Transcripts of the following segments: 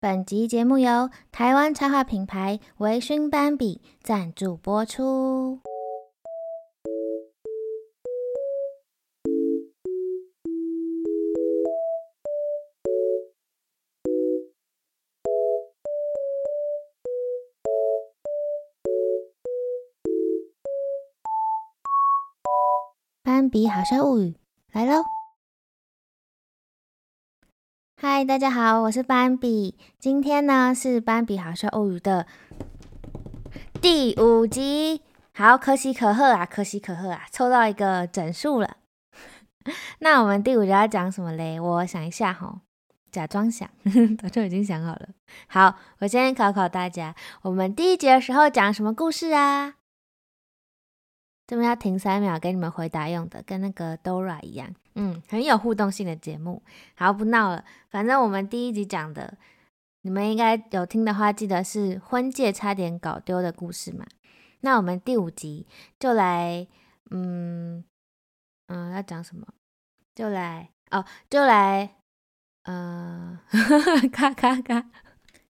本集節目由台灣插畫品牌微醺斑比贊助播出，《斑比》好笑物語來嘍！嗨，大家好，我是斑比。今天呢是斑比好帥哦語的第五集，好可喜可賀啊，可喜可賀啊，抽到一個整數了。 那我們第五集要講什麼嘞？我想一下哈，假裝想，早 就已經想好了。好，我先考考大家，我們第一集的時候講什麼故事啊？這邊要停三秒給你們回答用的，跟那個 Dora 一樣。嗯，很有互動性的節目。好，不鬧了。反正我們第一集講的，你們應該有聽的話，記得是婚戒差點搞丟的故事嘛。那我們第五集就來，嗯嗯，嗯，要講什麼？就來哦，就來，嗯、呃，咔咔咔，咔！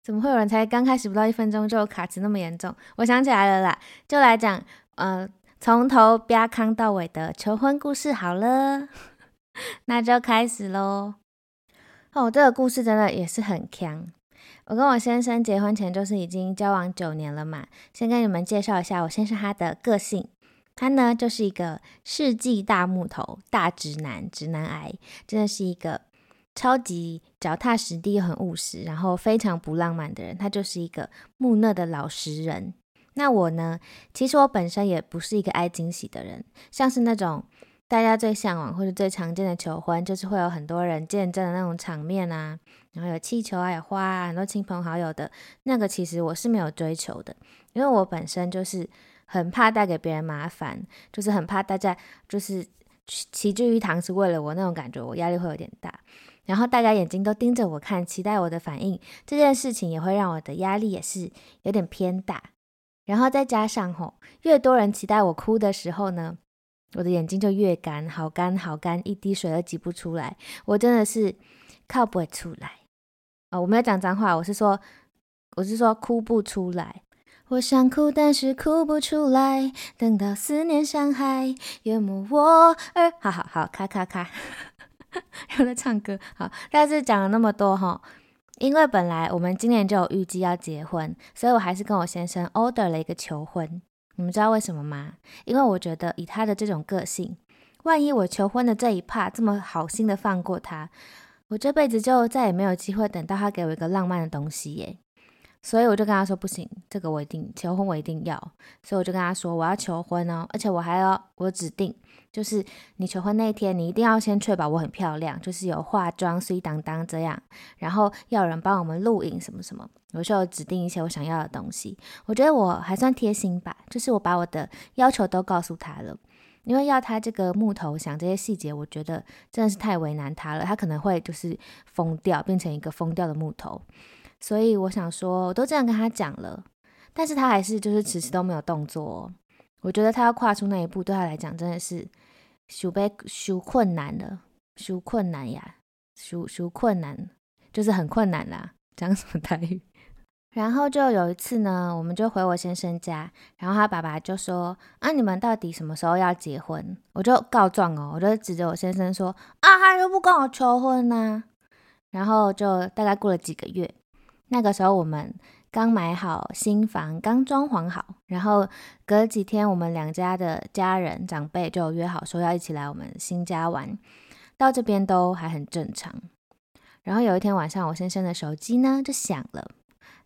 怎麼會有人才剛開始不到一分鐘就卡詞那麼嚴重？我想起來了啦，就來講，嗯、呃，從頭吧康到尾的求婚故事好了。 那就要開始嘍。哦、oh，這個故事真的也是很 ㄎㄧㄤ。我跟我先生結婚前就是已經交往九年了嘛。先跟你們介紹一下我先生他的個性，他呢就是一個世紀大木頭、大直男、直男癌，真的是一個超級腳踏實地、很務實，然後非常不浪漫的人。他就是一個木訥的老實人。那我呢，其實我本身也不是一個愛驚喜的人，像是那種。大家最嚮往或者最常見的求婚，就是會有很多人見證的那種場面啊，然後有氣球啊，有花啊，很多親朋好友的那個，其實我是沒有追求的，因為我本身就是很怕帶給別人麻煩，就是很怕大家就是齊聚一堂是為了我那種感覺，我壓力會有點大，然後大家眼睛都盯着我看，期待我的反應，這件事情也會讓我的壓力也是有點偏大，然後再加上吼、哦，越多人期待我哭的時候呢。我的眼睛就越乾，好乾好乾，一滴水都擠不出來。我真的是靠不出來啊、哦！我沒有講髒話，我是說，我是說哭不出來。我想哭，但是哭不出來。等到思念像海淹沒我而。而好好好，咔咔咔，又 在唱歌。好，但是講了那麼多哈，因為本來我們今年就有預計要結婚，所以我還是跟我先生 order 了一個求婚。你們知道為什麼嗎？因為我覺得以他的這種個性，萬一我求婚的這一趴這麼好心的放過他，我這輩子就再也沒有機會等到他給我一個浪漫的東西耶。所以我就跟他說不行，這個我一定求婚，我一定要。所以我就跟他說我要求婚哦，而且我還要我有指定，就是你求婚那一天，你一定要先確保我很漂亮，就是有化妝、水噹噹這樣，然後要有人幫我們錄影什麼什麼。我就有指定一些我想要的東西，我覺得我還算貼心吧，就是我把我的要求都告訴他了，因為要他這個木頭想這些細節，我覺得真的是太為難他了，他可能會就是瘋掉，變成一個瘋掉的木頭。所以我想說，我都這樣跟他講了，但是他還是就是遲遲都沒有動作、哦。我覺得他要跨出那一步，對他來講真的是 super super 困難的，super 困難呀，super 困難，就是很困難啦。講什麼台語？然後就有一次呢，我們就回我先生家，然後他爸爸就說：“啊，你們到底什麼時候要結婚？”我就告狀哦，我就指着我先生說：“啊，他又不跟我求婚吶、啊。”然後就大概過了幾個月。那個時候我們剛買好新房，剛裝潢好，然後隔幾天我們兩家的家人長輩就約好說要一起來我們新家玩，到這邊都還很正常。然後有一天晚上，我先生的手機呢就響了，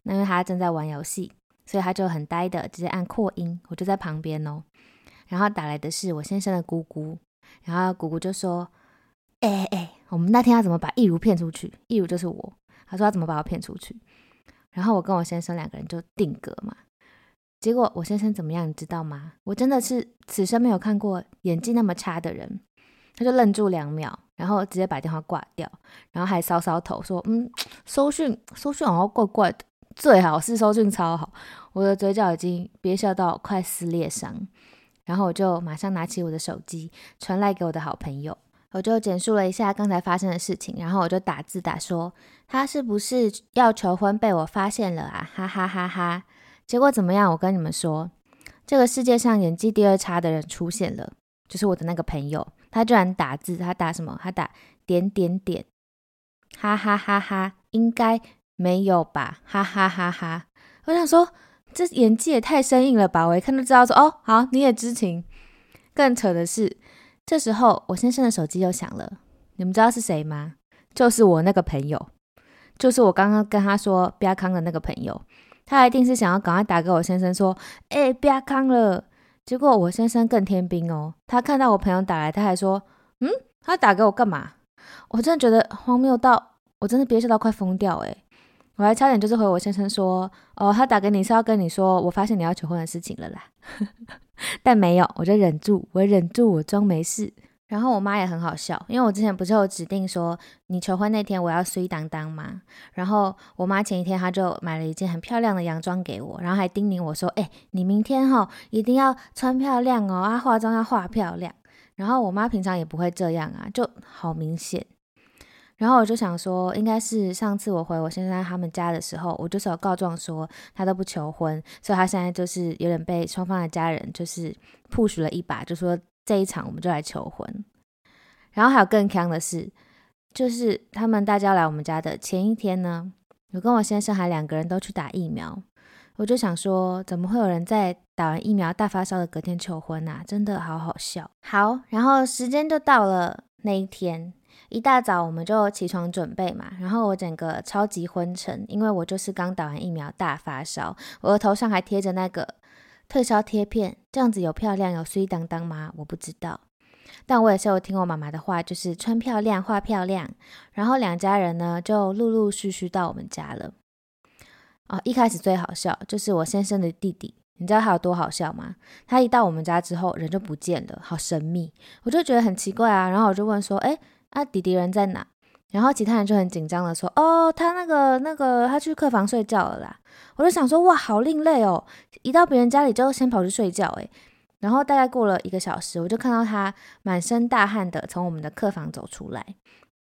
那因為他正在玩遊戲，所以他就很呆的直接按擴音。我就在旁邊哦，然後打來的是我先生的姑姑，然後姑姑就說：“哎哎哎，我們那天要怎麼把逸如騙出去？逸如就是我。”他說他怎麼把我騙出去，然後我跟我先生兩個人就定格嘛。結果我先生怎麼樣，你知道嗎？我真的是此生沒有看過演技那麼差的人。他就愣住兩秒，然後直接把電話掛掉，然後還搔搔頭說：“嗯，收訊，收訊好像怪怪的，最好是收訊超好。”我的嘴角已經憋笑到快撕裂傷，然後我就馬上拿起我的手機，傳來給我的好朋友。我就簡述了一下剛才發生的事情，然後我就打字打說，他是不是要求婚被我發現了啊？哈哈哈哈！結果怎麼樣？我跟你們說，這個世界上演技第二差的人出現了，就是我的那個朋友，他居然打字，他打什麼？他打點點點，哈哈哈哈！應該沒有吧？哈哈哈哈！我想說，這演技也太生硬了吧？我一看就知道說，哦，好，你也知情。更扯的是。這時候，我先生的手機又響了。你們知道是誰嗎？就是我那個朋友，就是我剛剛跟他說“彪康”的那個朋友。他一定是想要趕快打給我先生說：“哎、欸，彪康了。”結果我先生更天兵哦。他看到我朋友打來，他還說：“嗯，他打給我幹嘛？”我真的覺得荒謬到，我真的憋笑到快瘋掉哎！我還差點就是回我先生說：“哦，他打給你是要跟你說，我發現你要求婚的事情了啦。 ”但沒有，我就忍住，我忍住，我裝沒事。然後我媽也很好笑，因為我之前不是有指定說你求婚那天我要水噹噹嗎？然後我媽前一天她就買了一件很漂亮的洋裝給我，然後還叮嚀我說：“哎，你明天哈一定要穿漂亮哦，啊化妝要化漂亮。”然後我媽平常也不會這樣啊，就好明顯。然後我就想說，應該是上次我回我先生在他們家的時候，我就是有告狀說他都不求婚，所以他現在就是有點被雙方的家人就是 push 了一把，就說這一場我們就來求婚。然後還有更 ㄎㄧㄤ 的是，就是他們大家來我們家的前一天呢，我跟我先生還兩個人都去打疫苗。我就想說，怎麼會有人在打完疫苗大發燒的隔天求婚啊？真的好好笑。好，然後時間就到了那一天。一大早我們就起床準備嘛，然後我整個超級昏沉，因為我就是剛打完疫苗大發燒，額頭上還貼着那個退燒貼片，這樣子有漂亮有水噹噹嗎？我不知道，但我也是有聽我媽媽的話，就是穿漂亮，畫漂亮，然後兩家人呢就陸陸續續到我們家了。哦，一開始最好笑就是我先生的弟弟，你知道他有多好笑嗎？他一到我們家之後人就不見了，好神秘，我就覺得很奇怪啊，然後我就問說，誒……啊，弟弟人在哪？然後其他人就很緊張的說：“哦，他那個那個，他去客房睡覺了啦。”我就想說：“哇，好另類哦！一到別人家裡就先跑去睡覺。”哎，然後大概過了一個小時，我就看到他滿身大汗的從我們的客房走出來，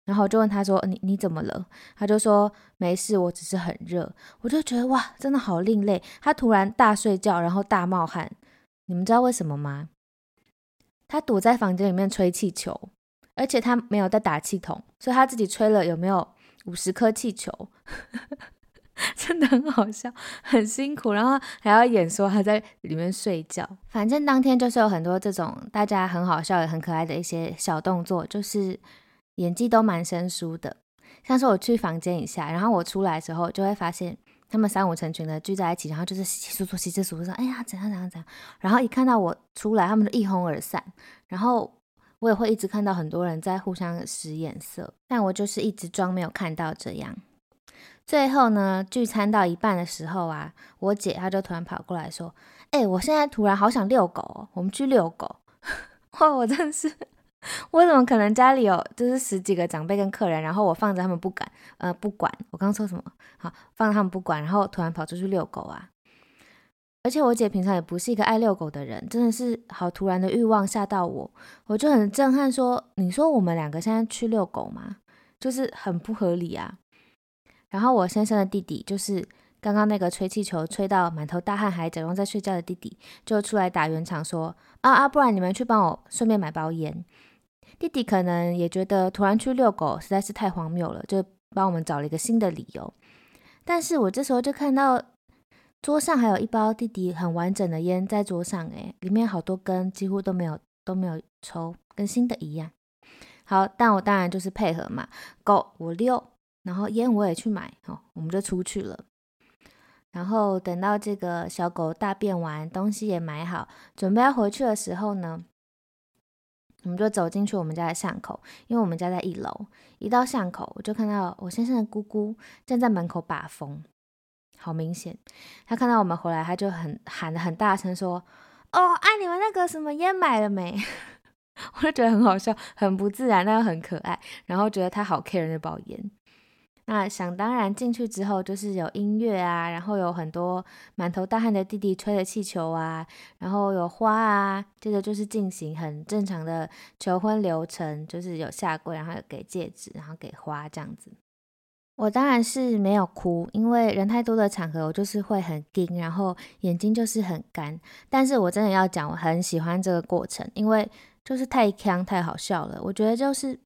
然後就問他說：“你你怎麼了？”他就說：“沒事，我只是很熱。”我就覺得哇，真的好另類。他突然大睡覺，然後大冒汗。你們知道為什麼嗎？他躲在房間裡面吹氣球。而且他沒有帶打氣筒，所以他自己吹了有沒有五十顆氣球？ 真的很好笑，很辛苦，然後還要演說他在裡面睡覺。反正當天就是有很多這種大家很好笑也很可愛的一些小動作，就是演技，都蠻生疏的。像是我去房間一下，然後我出來的時候，就會發現他們三五成群的聚在一起，然後就是窸窸窣窣、窸窸窣窣、窣，哎呀，怎樣怎樣怎樣。然後一看到我出來，他們就一鬨而散，然後。我也會一直看到很多人在互相使眼色，但我就是一直裝沒有看到這樣。最後呢，聚餐到一半的時候啊，我姐她就突然跑過來說：“欸，我現在突然好想遛狗哦，我們去遛狗。”哇，我真是，我怎麼可能家裡有就是十幾個長輩跟客人，然後我放着他們不管？呃，不管我剛剛說什麼？好，放着他們不管，然後突然跑出去遛狗啊！而且我姐平常也不是一個愛遛狗的人，真的是好突然的欲望嚇到我，我就很震撼說，說你說我們兩個現在去遛狗嗎？就是很不合理啊。然後我先生的弟弟，就是剛剛那個吹氣球吹到滿頭大汗還假裝在睡覺的弟弟，就出來打圓場說啊啊，不然你們去幫我順便買包菸。弟弟可能也覺得突然去遛狗實在是太荒謬了，就幫我們找了一個新的理由。但是我這時候就看到。桌上還有一包弟弟很完整的煙在桌上誒，誒裡面好多根，幾乎都沒有都沒有抽，跟新的一樣。好，但我當然就是配合嘛，狗我遛，然後煙我也去買，哈、哦，我們就出去了。然後等到這個小狗大便完，東西也買好，準備要回去的時候呢，我們就走進去我們家的巷口，因為我們家在一樓。一到巷口，我就看到我先生的姑姑站在門口把風。好明顯，他看到我們回來，他就很喊得很大聲說：“哦，哎，你們那個什麼煙買了沒？” 我就覺得很好笑，很不自然，但是很可愛。然後覺得他好 care 那包煙。那想當然進去之後，就是有音樂啊，然後有很多滿頭大汗的弟弟吹的氣球啊，然後有花啊，接着就是進行很正常的求婚流程，就是有下跪，然後有給戒指，然後給花這樣子。我當然是沒有哭，因為人太多的場合，我就是會很盯，然後眼睛就是很乾。但是我真的要講，我很喜歡這個過程，因為就是太 ㄎㄧㄤ 太好笑了。我覺得就是，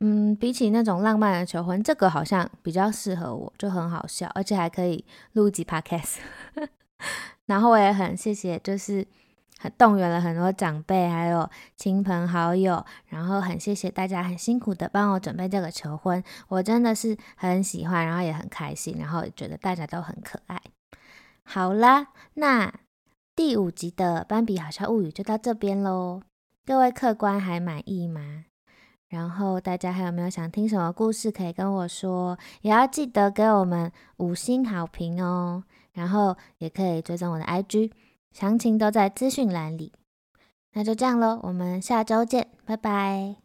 嗯，比起那種浪漫的求婚，這個好像比較適合我，就很好笑，而且還可以錄幾 podcast。 然後我也很謝謝，就是。還動員了很多長輩，還有親朋好友，然後很謝謝大家很辛苦的幫我準備這個求婚，我真的是很喜歡，然後也很開心，然後也覺得大家都很可愛。好啦，那第五集的《斑比》搞笑物語就到這邊嘍。各位客官還滿意嗎？然後大家還有沒有想聽什麼故事可以跟我說？也要記得給我們五星好評哦。然後也可以追蹤我的 IG。詳情都在資訊欄裡，那就這樣嘍，我們下週見，拜拜。